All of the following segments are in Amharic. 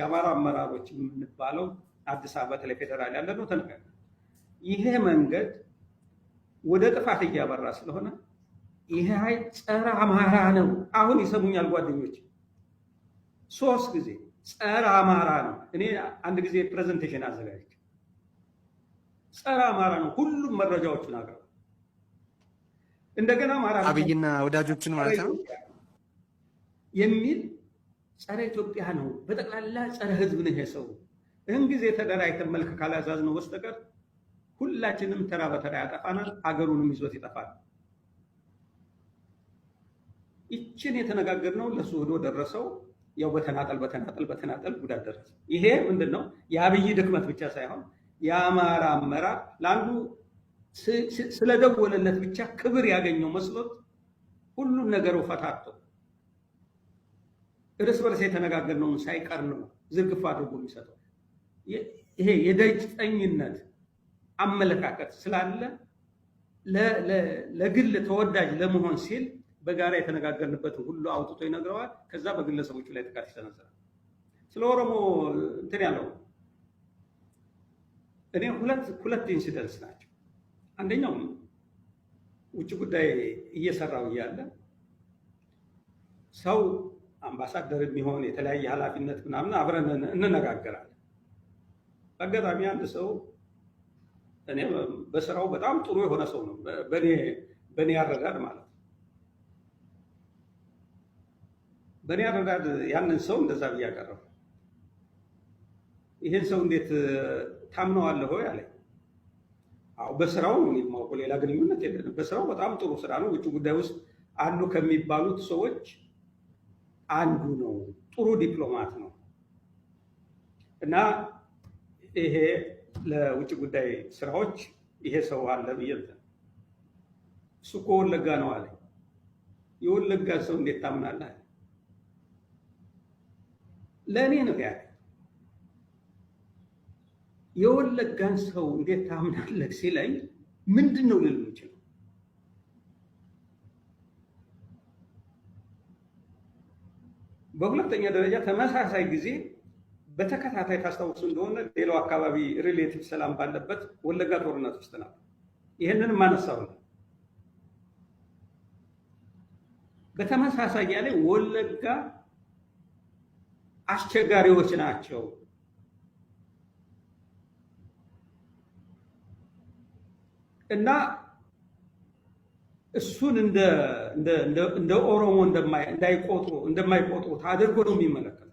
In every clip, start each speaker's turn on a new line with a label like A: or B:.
A: የአማራ አመራሮች የምንባለው አዲስ አበባ በተለይ ፌደራል ያለ ነው ተነጋገር። ይሄ መንገድ ወደ ጥፋት እያበራ ስለሆነ ይሄ ኃይል ጸረ አማራ ነው። አሁን ይሰሙኛል ጓደኞች፣ ሶስት ጊዜ ጸረ አማራ ነው። እኔ አንድ ጊዜ ፕሬዘንቴሽን አዘጋጅ ጸረ አማራ ነው። ሁሉም መረጃዎቹን አቅርበ እንደገና አማራ
B: አብይና ወዳጆችን ማለት ነው
A: የሚል ጸረ ኢትዮጵያ ነው፣ በጠቅላላ ጸረ ህዝብ ነው የሰው ሰው። ይህን ጊዜ የተመልክ ካላዛዝ ነው በስተቀር ሁላችንም ተራ በተራ ያጠፋናል፣ አገሩንም ይዞት ይጠፋል። ይችን የተነጋገርነው ለሱ ሄዶ ደረሰው። ያው በተናጠል በተናጠል በተናጠል ጉዳት ደረሰ። ይሄ ምንድን ነው የአብይ ድክመት ብቻ ሳይሆን የአማራ አመራር ለአንዱ ስለደወለለት ብቻ ክብር ያገኘው መስሎት ሁሉን ነገሩ ፈታቶ እርስ በርስ የተነጋገርነውን ሳይቀር ነው ዝርግፍ አድርጎ የሚሰጠው። ይሄ የደጅ ጠኝነት አመለካከት ስላለ ለግል ተወዳጅ ለመሆን ሲል በጋራ የተነጋገርንበትን ሁሉ አውጥቶ ይነግረዋል። ከዛ በግለሰቦቹ ላይ ጥቃት ይሰነዝራል። ስለ ኦሮሞ እንትን ያለው እኔ ሁለት ሁለት ኢንሲደንስ ናቸው። አንደኛው ውጭ ጉዳይ እየሰራው እያለ ሰው አምባሳደር የሚሆን የተለያየ ኃላፊነት ምናምን አብረን እንነጋገራለን። በአጋጣሚ አንድ ሰው እኔ በስራው በጣም ጥሩ የሆነ ሰው ነው፣ በእኔ አረዳድ ማለት ነው። በእኔ አረዳድ ያንን ሰው እንደዛ ብዬ አቀረብኩ። ይህን ሰው እንዴት ታምነዋለህ ወይ አለኝ። አዎ በስራው ነው የማውቀው፣ ሌላ ግንኙነት የለንም። በስራው በጣም ጥሩ ስራ ነው። ውጭ ጉዳይ ውስጥ አሉ ከሚባሉት ሰዎች አንዱ ነው። ጥሩ ዲፕሎማት ነው እና ይሄ ለውጭ ጉዳይ ስራዎች ይሄ ሰው አለ ብዬ እሱ እኮ ወለጋ ነው አለ። የወለጋ ሰው እንዴት ታምናለህ? ለእኔ ነው ያለ። የወለጋን ሰው እንዴት ታምናለህ ሲለኝ ምንድን ነው ልል ምችል በሁለተኛ ደረጃ ተመሳሳይ ጊዜ በተከታታይ ታስታውሱ እንደሆነ ሌላው አካባቢ ሪሌቲቭ ሰላም ባለበት ወለጋ ጦርነት ውስጥ ነው። ይህንን ማነሳው ነው። በተመሳሳይ ያለ ወለጋ አስቸጋሪዎች ናቸው። እና እሱን እንደ ኦሮሞ እንዳይቆጥሩ እንደማይቆጥሩ ታደርጎ ነው የሚመለከተው።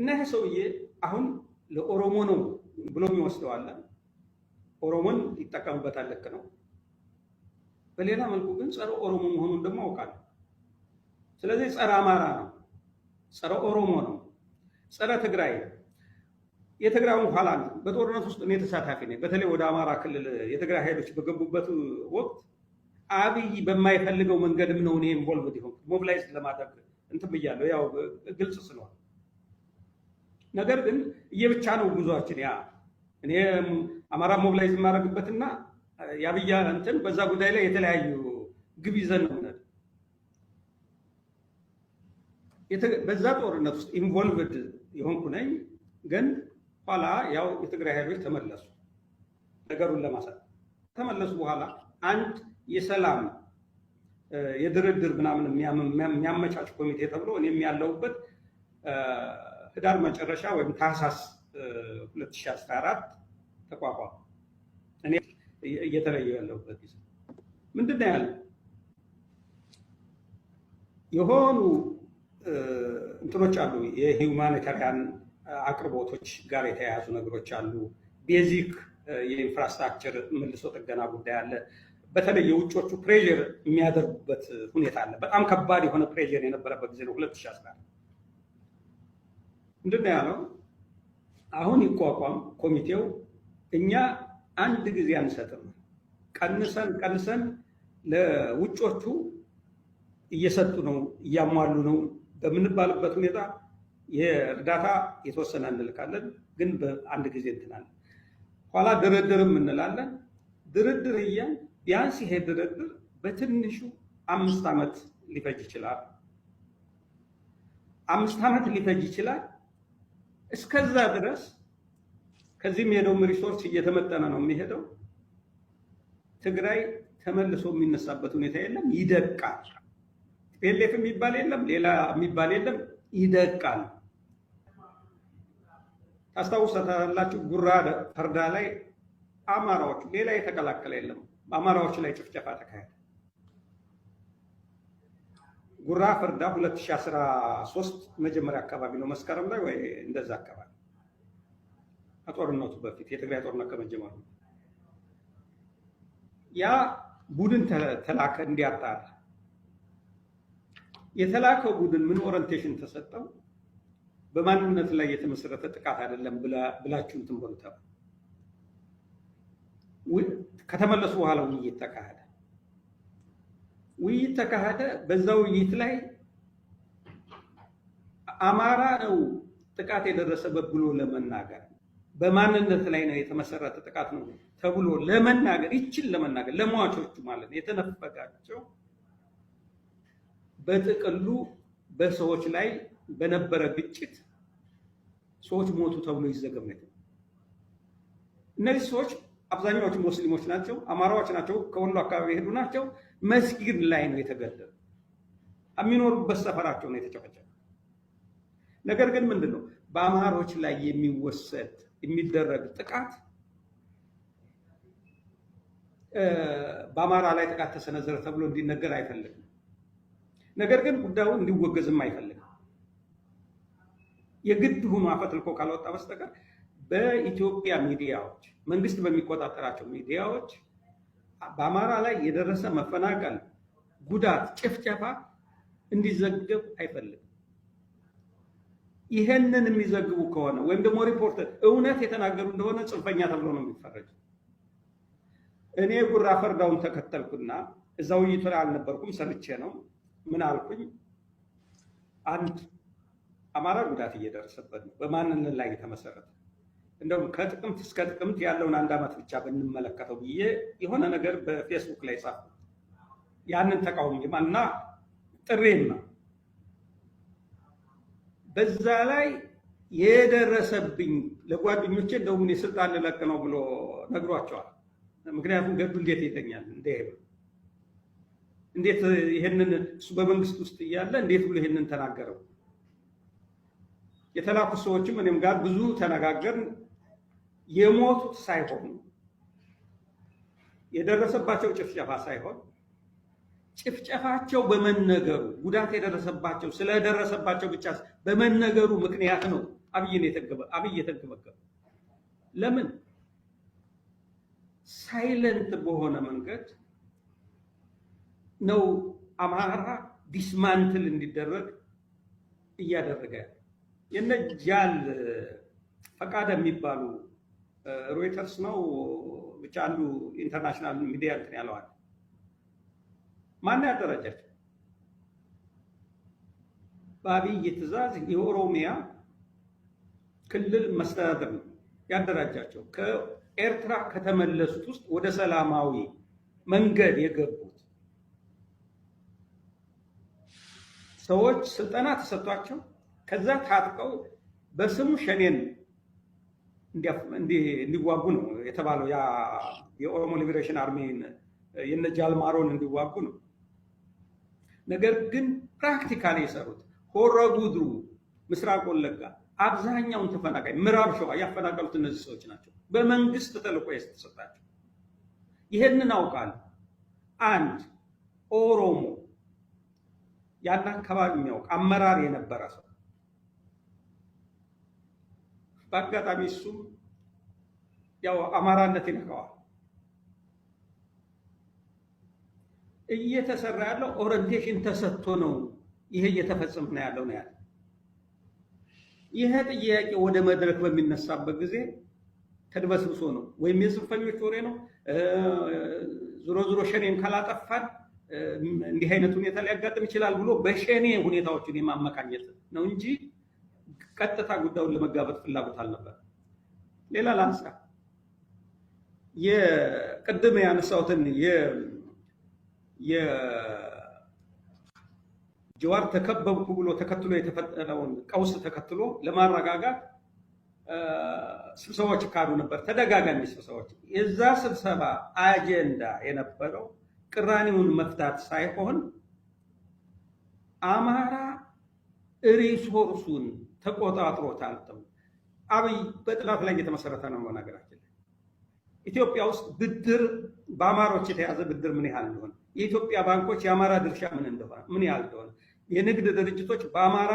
A: እና ይህ ሰውዬ አሁን ለኦሮሞ ነው ብሎ የሚወስደዋለ ኦሮሞን ይጠቀምበታል። ልክ ነው። በሌላ መልኩ ግን ጸረ ኦሮሞ መሆኑን ደግሞ አውቃለሁ። ስለዚህ ጸረ አማራ ነው፣ ጸረ ኦሮሞ ነው፣ ጸረ ትግራይ የትግራዩን ኋላ ነው። በጦርነት ውስጥ እኔ ተሳታፊ ነኝ። በተለይ ወደ አማራ ክልል የትግራይ ኃይሎች በገቡበት ወቅት አብይ በማይፈልገው መንገድም ነው እኔ ኢንቮልቭድ ይሆን ሞቢላይዝ ለማድረግ እንትም እያለሁ ያው ግልጽ ስለሆነ ነገር ግን እየብቻ ነው ጉዟችን። ያ እኔ አማራ ሞቢላይዝ የማደርግበትና የአብያ እንትን በዛ ጉዳይ ላይ የተለያዩ ግብ ይዘን ነው በዛ ጦርነት ውስጥ ኢንቮልቭድ የሆንኩ ነኝ ግን ኋላ ያው የትግራይ ኃይሎች ተመለሱ። ነገሩን ለማሳት ተመለሱ በኋላ አንድ የሰላም የድርድር ምናምን የሚያመቻች ኮሚቴ ተብሎ እኔም ያለሁበት ህዳር መጨረሻ ወይም ታህሳስ 2014 ተቋቋመ። እኔ እየተለየው ያለሁበት ጊዜ ምንድን ነው ያለው የሆኑ እንትኖች አሉ የሂውማኒታሪያን አቅርቦቶች ጋር የተያያዙ ነገሮች አሉ። ቤዚክ የኢንፍራስትራክቸር መልሶ ጥገና ጉዳይ አለ። በተለይ የውጮቹ ፕሬር የሚያደርጉበት ሁኔታ አለ። በጣም ከባድ የሆነ ፕሬር የነበረበት ጊዜ ነው። ሁለት ሺህ አስራ ምንድን ነው ያለው? አሁን ይቋቋም ኮሚቴው እኛ አንድ ጊዜ አንሰጥም፣ ቀንሰን ቀንሰን ለውጮቹ እየሰጡ ነው እያሟሉ ነው በምንባልበት ሁኔታ የእርዳታ የተወሰነ እንልካለን፣ ግን በአንድ ጊዜ እንትናለን። ኋላ ድርድርም እንላለን። ድርድር እያን ቢያንስ ይሄ ድርድር በትንሹ አምስት ዓመት ሊፈጅ ይችላል። አምስት ዓመት ሊፈጅ ይችላል። እስከዛ ድረስ ከዚህ የሚሄደውም ሪሶርስ እየተመጠነ ነው የሚሄደው። ትግራይ ተመልሶ የሚነሳበት ሁኔታ የለም፣ ይደቃል። ፔሌፍ የሚባል የለም፣ ሌላ የሚባል የለም፣ ይደቃል። ታስታውሳላችሁ? ጉራ ፈርዳ ላይ አማራዎች ሌላ የተቀላቀለ የለም። አማራዎች ላይ ጭፍጨፋ ተካሄደ። ጉራ ፈርዳ 2013 መጀመሪያ አካባቢ ነው መስከረም ላይ ወይ እንደዛ አካባቢ ከጦርነቱ በፊት የትግራይ ጦርነት ከመጀመሩ ያ ቡድን ተላከ እንዲያጣራ የተላከው ቡድን ምን ኦሪንቴሽን ተሰጠው? በማንነት ላይ የተመሰረተ ጥቃት አይደለም ብላችሁ እንትን በሉ ተባሉ። ከተመለሱ በኋላ ውይይት ተካሄደ። ውይይት ተካሄደ። በዛ ውይይት ላይ አማራ ነው ጥቃት የደረሰበት ብሎ ለመናገር በማንነት ላይ ነው የተመሰረተ ጥቃት ነው ተብሎ ለመናገር ይችን ለመናገር ለሟቾቹ ማለት ነው የተነፈጋቸው በጥቅሉ በሰዎች ላይ በነበረ ግጭት ሰዎች ሞቱ ተብሎ ይዘገብ ነበር። እነዚህ ሰዎች አብዛኛዎቹ ሙስሊሞች ናቸው፣ አማራዎች ናቸው፣ ከወሎ አካባቢ የሄዱ ናቸው። መስጊድ ላይ ነው የተገደሉ። የሚኖሩበት ሰፈራቸው ነው የተጨፈጨፈ። ነገር ግን ምንድን ነው በአማሮች ላይ የሚወሰድ የሚደረግ ጥቃት በአማራ ላይ ጥቃት ተሰነዘረ ተብሎ እንዲነገር አይፈልግም። ነገር ግን ጉዳዩ እንዲወገዝም አይፈልግም። የግድ ሆኖ አፈትልኮ ካልወጣ በስተቀር በኢትዮጵያ ሚዲያዎች መንግስት በሚቆጣጠራቸው ሚዲያዎች በአማራ ላይ የደረሰ መፈናቀል፣ ጉዳት፣ ጭፍጨፋ እንዲዘገብ አይፈልግም። ይህንን የሚዘግቡ ከሆነ ወይም ደግሞ ሪፖርተር እውነት የተናገሩ እንደሆነ ጽንፈኛ ተብሎ ነው የሚፈረጀው። እኔ ጉራ ፈርዳውን ተከተልኩና እዛ ውይይቱ ላይ አልነበርኩም፣ ሰምቼ ነው ምን አልኩኝ አንድ አማራ ጉዳት እየደረሰበት ነው። በማንነት ላይ የተመሰረተ እንደውም ከጥቅምት እስከ ጥቅምት ያለውን አንድ ዓመት ብቻ ብንመለከተው ብዬ የሆነ ነገር በፌስቡክ ላይ ጻፍ ያንን ተቃውሞ እና ጥሬም ነው። በዛ ላይ የደረሰብኝ ለጓደኞቼ እንደውም የስልጣን ልለቅ ነው ብሎ ነግሯቸዋል። ምክንያቱም ገዱ እንዴት ይተኛል እንደ እንዴት ይሄንን እሱ በመንግስት ውስጥ እያለ እንዴት ብሎ ይሄንን ተናገረው? የተላኩ ሰዎችም እኔም ጋር ብዙ ተነጋገርን። የሞቱት ሳይሆኑ የደረሰባቸው ጭፍጨፋ ሳይሆን ጭፍጨፋቸው በመነገሩ ጉዳት የደረሰባቸው ስለደረሰባቸው ብቻ በመነገሩ ምክንያት ነው አብይን አብይ የተንገበገበ። ለምን ሳይለንት በሆነ መንገድ ነው አማራ ዲስማንትል እንዲደረግ እያደረገ የነ ጃል ፈቃደ የሚባሉ ሮይተርስ ነው ብቻ አንዱ ኢንተርናሽናል ሚዲያ እንትን ያለዋል። ማን ያደራጃቸው? በአብይ ትእዛዝ የኦሮሚያ ክልል መስተዳደር ነው ያደራጃቸው። ከኤርትራ ከተመለሱት ውስጥ ወደ ሰላማዊ መንገድ የገቡት ሰዎች ስልጠና ተሰጥቷቸው ከዛ ታጥቀው በስሙ ሸኔን እንዲዋጉ ነው የተባለው። ያ የኦሮሞ ሊቤሬሽን አርሚን የነ ጃልማሮን እንዲዋጉ ነው። ነገር ግን ፕራክቲካሊ የሰሩት ሆረ ጉድሩ፣ ምስራቅ ወለጋ አብዛኛውን ተፈናቃይ ምዕራብ ሸዋ ያፈናቀሉት እነዚህ ሰዎች ናቸው። በመንግስት ተጠልቆ የተሰጣቸው ይህንን አውቃል። አንድ ኦሮሞ ያን አካባቢ የሚያውቅ አመራር የነበረ ሰው በአጋጣሚ እሱም ያው አማራነት ይነካዋል። እየተሰራ ያለው ኦሪንቴሽን ተሰጥቶ ነው። ይሄ እየተፈጸመ ነው ያለው ነው ያለው። ይሄ ጥያቄ ወደ መድረክ በሚነሳበት ጊዜ ተድበስብሶ ነው ወይም የጽንፈኞች ወሬ ነው። ዞሮ ዞሮ ሸኔን ካላጠፋን እንዲህ አይነት ሁኔታ ሊያጋጥም ይችላል ብሎ በሸኔ ሁኔታዎችን የማመካኘት ነው እንጂ ቀጥታ ጉዳዩን ለመጋበጥ ፍላጎት አልነበር። ሌላ ላንሳ። የቅድም ያነሳሁትን የጀዋር ተከበብኩ ብሎ ተከትሎ የተፈጠረውን ቀውስ ተከትሎ ለማረጋጋት ስብሰባዎች ካሉ ነበር፣ ተደጋጋሚ ስብሰባዎች። የዛ ስብሰባ አጀንዳ የነበረው ቅራኔውን መፍታት ሳይሆን አማራ ሪሶርሱን ተቆጣጥሮታል። አብይ በጥላት ላይ እየተመሰረተ ነው። በነገራችን ላይ ኢትዮጵያ ውስጥ ብድር በአማሮች የተያዘ ብድር ምን ያህል እንደሆነ፣ የኢትዮጵያ ባንኮች የአማራ ድርሻ ምን እንደሆነ ምን ያህል እንደሆነ፣ የንግድ ድርጅቶች በአማራ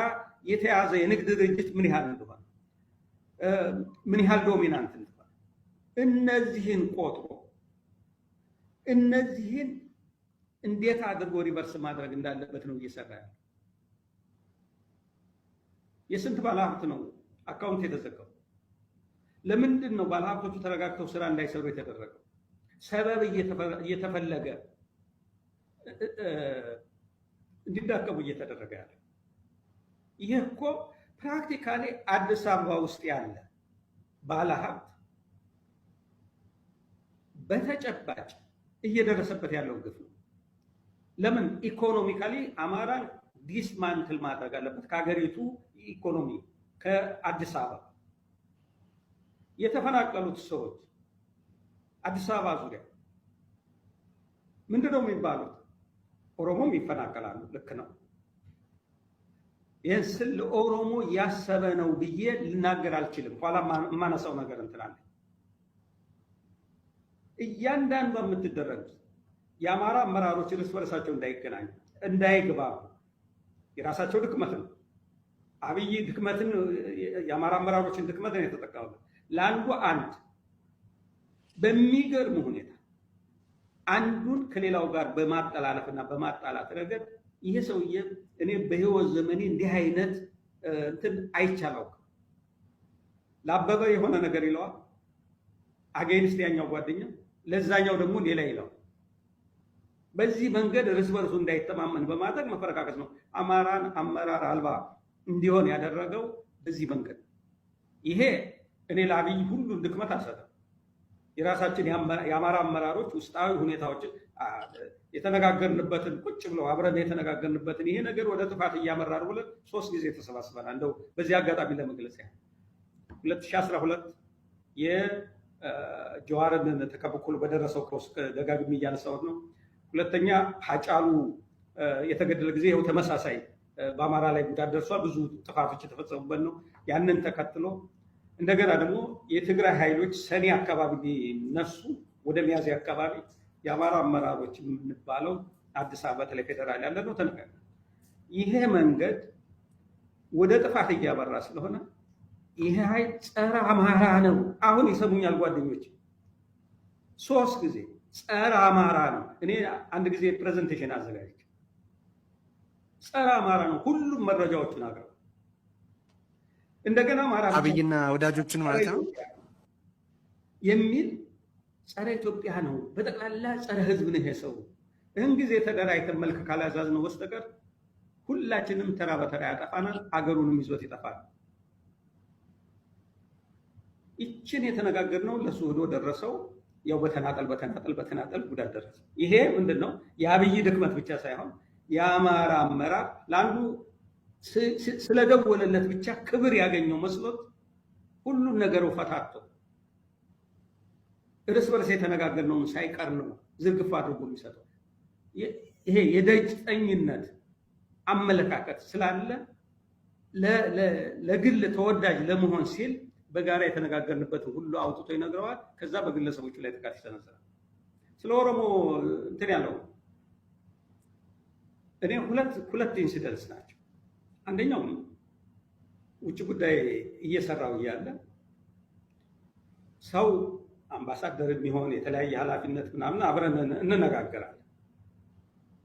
A: የተያዘ የንግድ ድርጅት ምን ያህል እንደሆነ፣ ምን ያህል ዶሚናንት እንደሆነ እነዚህን ቆጥሮ እነዚህን እንዴት አድርጎ ሪቨርስ ማድረግ እንዳለበት ነው እየሰራ ያለው። የስንት ባለሀብት ነው አካውንት የተዘጋው? ለምንድን ነው ባለሀብቶቹ ተረጋግተው ስራ እንዳይሰሩ የተደረገው? ሰበብ እየተፈለገ እንዲዳከሙ እየተደረገ ያለ ይህ እኮ ፕራክቲካሊ አዲስ አበባ ውስጥ ያለ ባለሀብት በተጨባጭ እየደረሰበት ያለው ግፍ ነው። ለምን ኢኮኖሚካሊ አማራን ዲስማንትል ማድረግ አለበት ከሀገሪቱ ኢኮኖሚ ከአዲስ አበባ የተፈናቀሉት ሰዎች አዲስ አበባ ዙሪያ ምንድነው የሚባሉት? ኦሮሞም ይፈናቀላሉ። ልክ ነው። ይህን ስል ለኦሮሞ ያሰበ ነው ብዬ ልናገር አልችልም። ኋላ የማነሳው ነገር እንትናለ እያንዳንዷ የምትደረግ የአማራ አመራሮች እርስ በርሳቸው እንዳይገናኙ እንዳይግባቡ የራሳቸው ድክመት ነው። አብይ ድክመትን የአማራ አመራሮችን ነው የተጠቀመበት ለአንዱ አንድ በሚገርም ሁኔታ አንዱን ከሌላው ጋር በማጠላለፍና በማጣላት ረገድ ይሄ ሰውዬ እኔ በህይወት ዘመኔ እንዲህ አይነት እንትን አይቻለው። ለአበበ የሆነ ነገር ይለዋል አገይንስት ያኛው ጓደኛ ለዛኛው ደግሞ ሌላ ይለው በዚህ መንገድ እርስ በርሱ እንዳይተማመን በማድረግ መፈረካከስ ነው። አማራን አመራር አልባ እንዲሆን ያደረገው በዚህ መንገድ ይሄ እኔ ለአብይ ሁሉም ድክመት አሰጠ። የራሳችን የአማራ አመራሮች ውስጣዊ ሁኔታዎችን የተነጋገርንበትን ቁጭ ብለው አብረን የተነጋገርንበትን ይሄ ነገር ወደ ጥፋት እያመራ ነው ብለን ሶስት ጊዜ ተሰባስበናል። እንደው በዚህ አጋጣሚ ለመግለጽ ያ 2012 የጀዋርን ተከበኩል በደረሰው ፖስ ደጋግሜ እያነሳሁት ነው። ሁለተኛ ሀጫሉ የተገደለ ጊዜ ይኸው ተመሳሳይ በአማራ ላይ ጉዳት ደርሷል። ብዙ ጥፋቶች የተፈጸሙበት ነው። ያንን ተከትሎ እንደገና ደግሞ የትግራይ ኃይሎች ሰኔ አካባቢ ነሱ ወደ ሚያዝያ አካባቢ የአማራ አመራሮች የምንባለው አዲስ አበባ በተለይ ፌደራል ያለ ነው ተነጋገ ይሄ መንገድ ወደ ጥፋት እያበራ ስለሆነ ይሄ ኃይል ጸረ አማራ ነው። አሁን ይሰሙኛል ጓደኞች፣ ሶስት ጊዜ ጸረ አማራ ነው። እኔ አንድ ጊዜ ፕሬዘንቴሽን አዘጋጅ ጸረ አማራ ነው። ሁሉም መረጃዎችን አቅርበው እንደገና አማራ አብይና ወዳጆችን ማለት ነው የሚል ጸረ ኢትዮጵያ ነው። በጠቅላላ ጸረ ህዝብ ነው የሰው ይህን ጊዜ ተደራጅተን ካላዛዝ ነው በስተቀር ሁላችንም ተራ በተራ ያጠፋናል፣ አገሩንም ይዞት ይጠፋል። ይችን የተነጋገርነው ለሱ ህዶ ደረሰው። ያው በተናጠል በተናጠል በተናጠል ጉዳት ደረሰ። ይሄ ምንድን ነው የአብይ ድክመት ብቻ ሳይሆን የአማራ አመራር ለአንዱ ስለደወለለት ብቻ ክብር ያገኘው መስሎት ሁሉን ነገር ውፈታቶ እርስ በርስ የተነጋገርነውን ሳይቀር ነው ዝርግፍ አድርጎ የሚሰጠው። ይሄ የደጅጠኝነት አመለካከት ስላለ ለግል ተወዳጅ ለመሆን ሲል በጋራ የተነጋገርንበትን ሁሉ አውጥቶ ይነግረዋል። ከዛ በግለሰቦቹ ላይ ጥቃት ይሰነዝራል። ስለ ኦሮሞ እንትን ያለው እኔ ሁለት ሁለት ኢንሲደንስ ናቸው። አንደኛው ውጭ ጉዳይ እየሰራው እያለ ሰው አምባሳደር የሚሆን የተለያየ ኃላፊነት ምናምን አብረን እንነጋገራለን።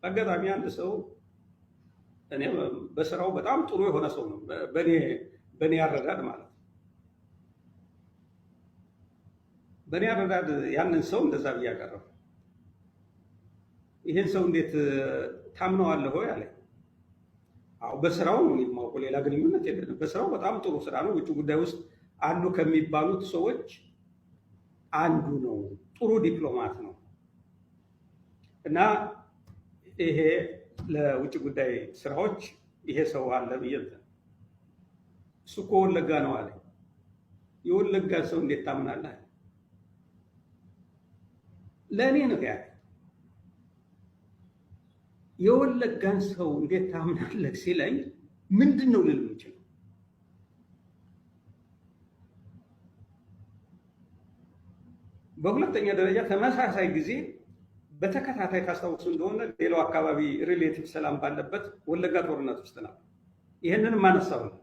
A: በአጋጣሚ አንድ ሰው እኔ በስራው በጣም ጥሩ የሆነ ሰው ነው፣ በእኔ አረዳድ ማለት ነው። በእኔ አረዳድ ያንን ሰው እንደዛ ብዬ አቀረብኩ። ይሄን ሰው እንዴት ታምነዋለህ ሆይ አለ። አዎ በስራው ነው የማውቀው፣ ሌላ ግንኙነት የለንም። በስራው በጣም ጥሩ ስራ ነው። ውጭ ጉዳይ ውስጥ አሉ ከሚባሉት ሰዎች አንዱ ነው። ጥሩ ዲፕሎማት ነው እና ይሄ ለውጭ ጉዳይ ስራዎች ይሄ ሰው አለ ብዬ እሱ እኮ ወለጋ ነው አለ። የወለጋ ሰው እንዴት ታምናለህ? ለእኔ ነው ያለ የወለጋን ሰው እንዴት ታምናለህ ሲለኝ ምንድን ነው ልል ምችል በሁለተኛ ደረጃ ተመሳሳይ ጊዜ በተከታታይ ታስታውሱ እንደሆነ ሌላው አካባቢ ሪሌቲቭ ሰላም ባለበት ወለጋ ጦርነት ውስጥ ነው። ይህንን ማነሳው ነው።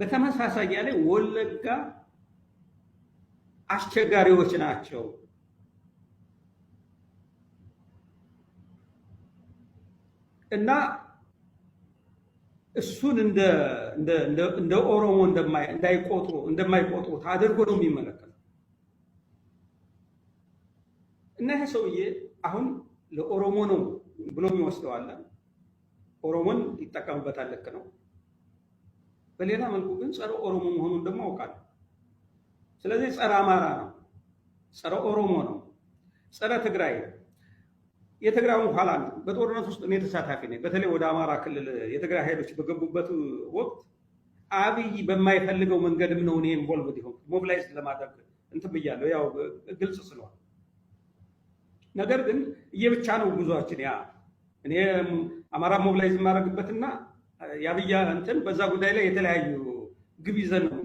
A: በተመሳሳይ ያለ ወለጋ አስቸጋሪዎች ናቸው እና እሱን እንደ ኦሮሞ እንዳይቆጥሩ እንደማይቆጥሩ ታድርጎ ነው የሚመለከተው። እና ይሄ ሰውዬ አሁን ለኦሮሞ ነው ብሎ የሚወስደዋለ ኦሮሞን ይጠቀምበታል። ልክ ነው። በሌላ መልኩ ግን ጸረ ኦሮሞ መሆኑን ደግሞ አውቃለሁ። ስለዚህ ጸረ አማራ ነው፣ ጸረ ኦሮሞ ነው፣ ጸረ ትግራይ ነው። የትግራዩን ኋላ በጦርነት ውስጥ እኔ ተሳታፊ ነኝ። በተለይ ወደ አማራ ክልል የትግራይ ኃይሎች በገቡበት ወቅት አብይ በማይፈልገው መንገድም ነው እኔ ኢንቮልቭ ሆን ሞቢላይዝ ለማድረግ እንትን ብያለሁ። ያው ግልጽ ስለሆነ ነገር ግን እየብቻ ነው ጉዟችን። ያ እኔ አማራ ሞቢላይዝ የማደርግበትና የአብይ እንትን በዛ ጉዳይ ላይ የተለያዩ ግብ ይዘን ነው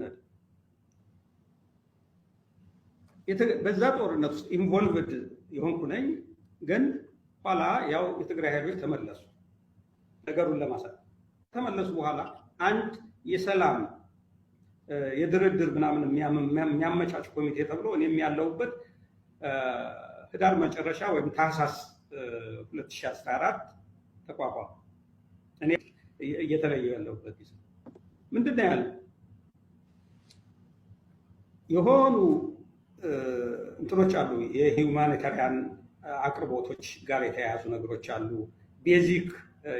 A: በዛ ጦርነት ውስጥ ኢንቮልቭድ የሆንኩ ነኝ ግን ኋላ ያው የትግራይ ኃይሎች ተመለሱ። ነገሩን ለማሳ ተመለሱ። በኋላ አንድ የሰላም የድርድር ምናምን የሚያመቻች ኮሚቴ ተብሎ እኔም ያለሁበት ህዳር መጨረሻ ወይም ታህሳስ 2014 ተቋቋመ። እኔ እየተለየ ያለሁበት ጊዜ ምንድን ነው የሆኑ እንትኖች አሉ የሂውማኒታሪያን አቅርቦቶች ጋር የተያያዙ ነገሮች አሉ። ቤዚክ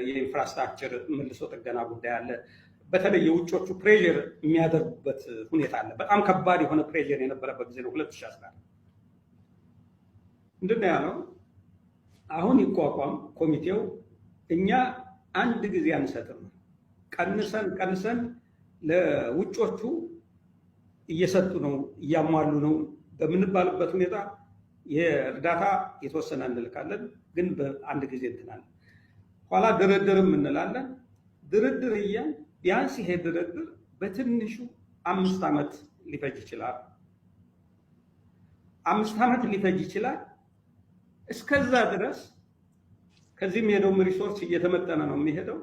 A: የኢንፍራስትራክቸር መልሶ ጥገና ጉዳይ አለ። በተለይ የውጮቹ ፕሬር የሚያደርጉበት ሁኔታ አለ። በጣም ከባድ የሆነ ፕሬር የነበረበት ጊዜ ነው። ሁለት ሺህ አስራ ምንድን ነው ያለው? አሁን ይቋቋም ኮሚቴው እኛ አንድ ጊዜ አንሰጥም፣ ቀንሰን ቀንሰን ለውጮቹ እየሰጡ ነው እያሟሉ ነው በምንባልበት ሁኔታ የእርዳታ የተወሰነ እንልካለን፣ ግን በአንድ ጊዜ እንትናለን። ኋላ ድርድርም እንላለን። ድርድር እያል ቢያንስ ይሄ ድርድር በትንሹ አምስት ዓመት ሊፈጅ ይችላል። አምስት ዓመት ሊፈጅ ይችላል። እስከዛ ድረስ ከዚህም ሄደውም ሪሶርስ እየተመጠነ ነው የሚሄደው።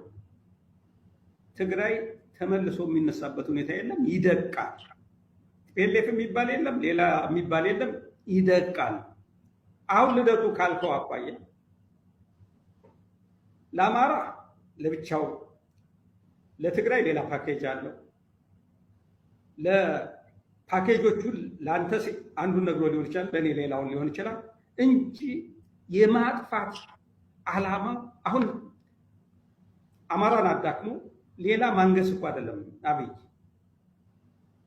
A: ትግራይ ተመልሶ የሚነሳበት ሁኔታ የለም፣ ይደቃል። ፒኤልኤፍ የሚባል የለም፣ ሌላ የሚባል የለም፣ ይደቃል። አሁን ልደቱ ካልከው አኳያ ለአማራ ለብቻው፣ ለትግራይ ሌላ ፓኬጅ አለው። ለፓኬጆቹ ለአንተ አንዱን ነግሮ ሊሆን ይችላል፣ ለእኔ ሌላውን ሊሆን ይችላል እንጂ የማጥፋት አላማ አሁን አማራን አዳክሞ ሌላ ማንገስ እኮ አይደለም አብይ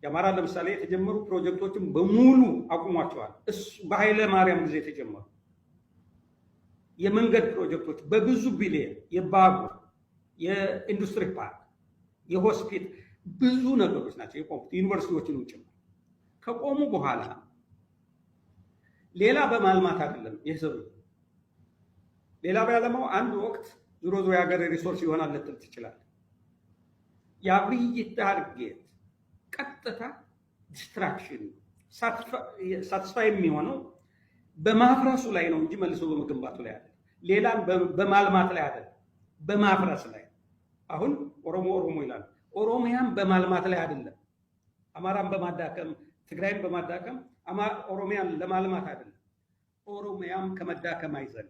A: የአማራ ለምሳሌ የተጀመሩ ፕሮጀክቶችን በሙሉ አቁሟቸዋል። እሱ በኃይለ ማርያም ጊዜ የተጀመሩ የመንገድ ፕሮጀክቶች በብዙ ቢሊየን የባቡር፣ የኢንዱስትሪ ፓርክ፣ የሆስፒታል ብዙ ነገሮች ናቸው የቆሙት ዩኒቨርሲቲዎችን ጭምር ከቆሙ በኋላ ሌላ በማልማት አይደለም የህዝብ ሌላ ቢያለማው አንድ ወቅት ዞሮ ዞሮ የሀገር ሪሶርስ ይሆናል ልትል ትችላለህ። የአብይ ታርጌት ቀጥታ ዲስትራክሽን ሳትስፋይ የሚሆነው በማፍረሱ ላይ ነው እንጂ መልሶ በመገንባቱ ላይ አለ ሌላን በማልማት ላይ አለ በማፍረስ ላይ አሁን ኦሮሞ ኦሮሞ ይላል። ኦሮሚያን በማልማት ላይ አይደለም። አማራን በማዳከም ትግራይን በማዳከም ኦሮሚያን ለማልማት አይደለም። ኦሮሚያም ከመዳከም አይዘል።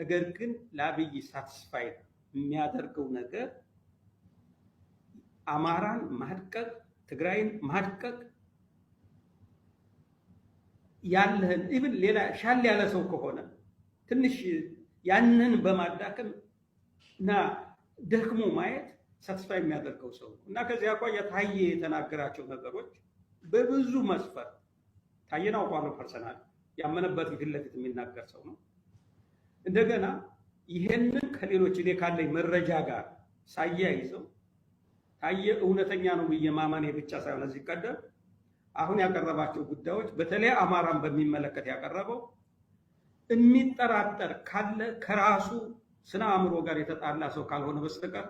A: ነገር ግን ለአብይ ሳትስፋይ የሚያደርገው ነገር አማራን ማድቀቅ ትግራይን ማድቀቅ ያለህን ኢቭን ሌላ ሻል ያለ ሰው ከሆነ ትንሽ ያንን በማዳከም እና ደክሞ ማየት ሳትስፋይ የሚያደርገው ሰው እና ከዚህ አኳያ ታዬ የተናገራቸው ነገሮች በብዙ መስፈር ታየን አውቋለሁ። ፐርሰናል ያመነበት ፊት ለፊት የሚናገር ሰው ነው። እንደገና ይሄንን ከሌሎች እኔ ካለኝ መረጃ ጋር ሳያይዘው አየ እውነተኛ ነው ብዬ ማመኔ ብቻ ሳይሆን እዚህ ቀደም አሁን ያቀረባቸው ጉዳዮች በተለይ አማራን በሚመለከት ያቀረበው የሚጠራጠር ካለ ከራሱ ስነ አእምሮ ጋር የተጣላ ሰው ካልሆነ በስተቀር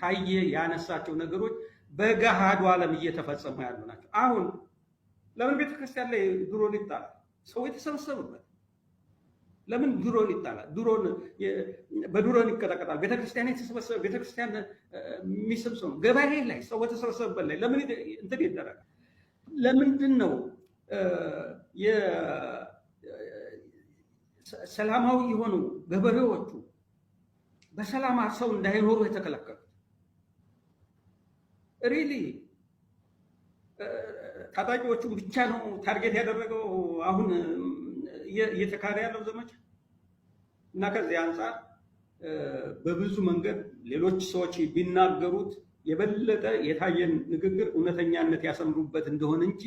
A: ታየ ያነሳቸው ነገሮች በገሃዱ ዓለም እየተፈጸሙ ያሉ ናቸው። አሁን ለምን ቤተክርስቲያን ላይ ድሮ ሊጣል ሰው የተሰበሰበበት ለምን ድሮን ይጣላል? ድሮን በድሮን ይቀጠቀጣል። ቤተክርስቲያን የተሰበሰበ ቤተክርስቲያን የሚስብ ሰው ገበሬ ላይ ሰው በተሰበሰበበት ላይ ለምን እንትን ይደረጋል? ለምንድን ነው ሰላማዊ የሆኑ ገበሬዎቹ በሰላም ሰው እንዳይኖሩ የተከለከሉት? ሪሊ ታጣቂዎቹን ብቻ ነው ታርጌት ያደረገው አሁን እየተካሄደ ያለው ዘመቻ እና ከዚህ አንጻር በብዙ መንገድ ሌሎች ሰዎች ቢናገሩት የበለጠ የታየን ንግግር እውነተኛነት ያሰምሩበት እንደሆነ እንጂ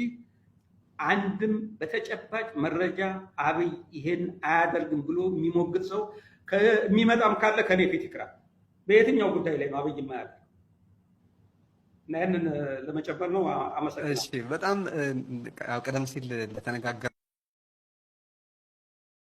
A: አንድም በተጨባጭ መረጃ አብይ ይሄን አያደርግም ብሎ የሚሞግት ሰው የሚመጣም ካለ ከኔ ፊት ይቅራል። በየትኛው ጉዳይ ላይ ነው አብይ ማያል እና ይህንን ለመጨመር ነው። አመሰግናለሁ። በጣም ቀደም ሲል ለተነጋገር